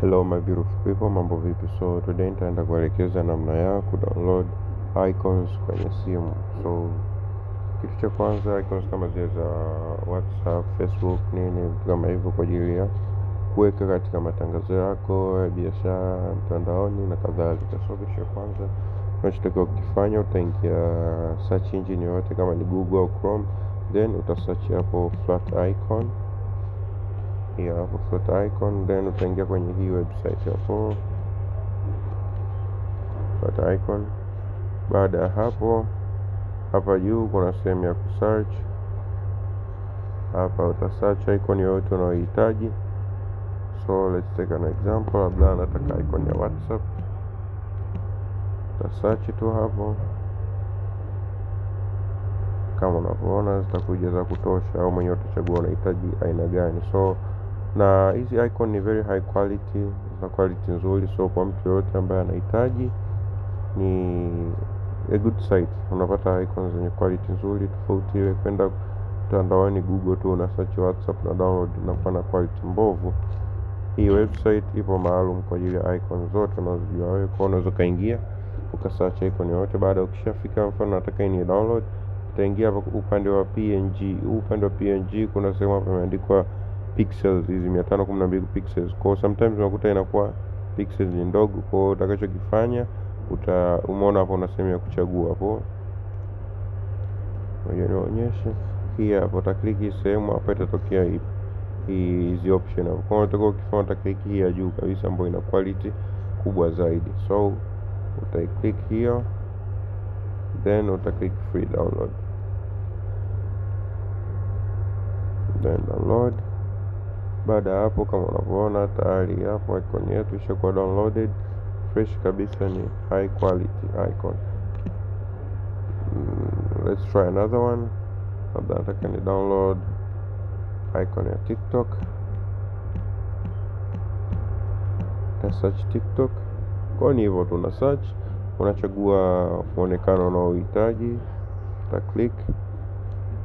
Hello my beautiful people, mambo vipi? So today nitaenda kuelekeza namna ya ku download icons kwenye simu. So kitu cha kwanza, icons kama zile za WhatsApp, Facebook, nini kama hivyo, kwa ajili ya kuweka katika matangazo yako ya biashara mtandaoni na kadhalika. So kitu cha kwanza unachotakiwa kukifanya, utaingia search engine yoyote kama ni Google au Chrome, then utasearch hapo flat icon hiyo, alafu futa icon, then utaingia kwenye hii website hapo, futa icon. Baada ya hapo, hapa juu kuna sehemu ya kusearch. Hapa uta search icon yoyote unayohitaji. So let's take an example, labda nataka icon ya WhatsApp, uta search tu hapo kama unavyoona zitakuja za kutosha, au mwenyewe utachagua unahitaji aina gani so na hizi icon ni very high quality na quality nzuri, so kwa mtu yoyote ambaye anahitaji ni a good site, unapata icon zenye quality nzuri tofauti ile kwenda mtandaoni Google tu una search WhatsApp na download na inakuwa na quality mbovu. Hii website ipo maalum kwa ajili ya icon zote unazojua wewe, kwa unaweza kaingia ukasearch icon yoyote. Baada ukishafika, mfano nataka ni download, utaingia hapa upande wa PNG. Upande wa PNG kuna sehemu hapa imeandikwa pixels hizi 512 pixels. Kwa sometimes unakuta inakuwa pixels ni ndogo, kwa hiyo utakachokifanya uta umeona hapo, una sehemu ya kuchagua hapo, ngoja nionyeshe hii hapo. Utakliki sehemu hapo, itatokea hii hizi option hapo. Kwa hiyo utakuwa ukifanya utakliki hii ya juu kabisa, ambayo ina quality kubwa zaidi, so utaikliki hiyo, then utaclick free download, then download baada ya hapo kama unavyoona tayari hapo icon yetu ishakuwa downloaded fresh kabisa, ni high quality icon. Mm, let's try another one. Labda nataka ni download icon ya TikTok, Ta search TikTok. Kwa ni hivyo tu, una search, unachagua muonekano unaohitaji, ta click.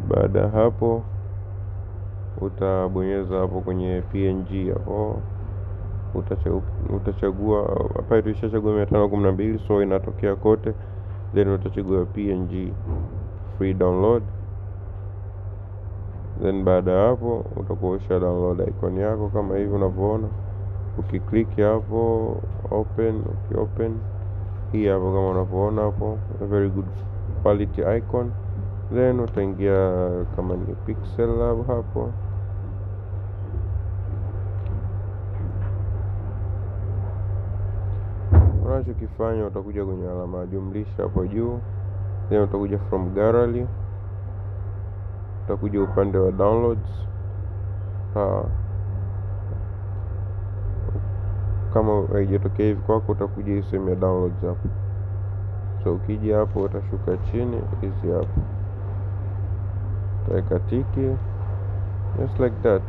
Baada ya hapo utabonyeza hapo kwenye PNG hapo utachagua hapa tulishachagua mia tano kumi na mbili so inatokea kote, then utachagua PNG free download, then baada ya hapo utakuwa usha download icon yako kama hivi unavyoona. Ukiklik hapo open, ukiopen hii hapo kama unavyoona hapo, a very good quality icon, then utaingia kama ni pixel lab hapo unachokifanya utakuja kwenye alama ya jumlisha hapo juu, then utakuja from gallery, utakuja upande wa downloads ha. Ah. Kama haijatokea hivi kwako, utakuja hii sehemu ya downloads hapo. So ukija hapo, utashuka chini, hizi hapo utaweka tiki, just like that,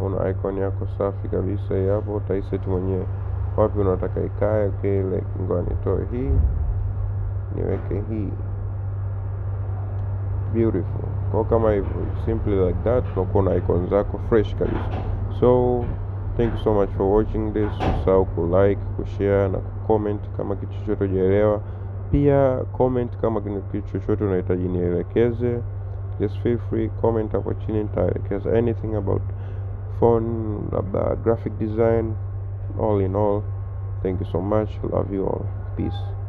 una icon yako safi kabisa. Hii hapo utaiseti mwenyewe wapi unataka ikae? Okay, like ngoja nitoe hii niweke hii beautiful. Kwa kama hivyo simply like that, unakuwa na icon zako fresh kabisa. So thank you so much for watching this. usahau ku like, ku share na ku comment kama kitu chochote hujaelewa. Pia comment kama kitu chochote unahitaji nielekeze, just feel free comment hapo chini, nitaelekeza anything about phone, labda graphic design all in all, thank you so much. Love you all. Peace.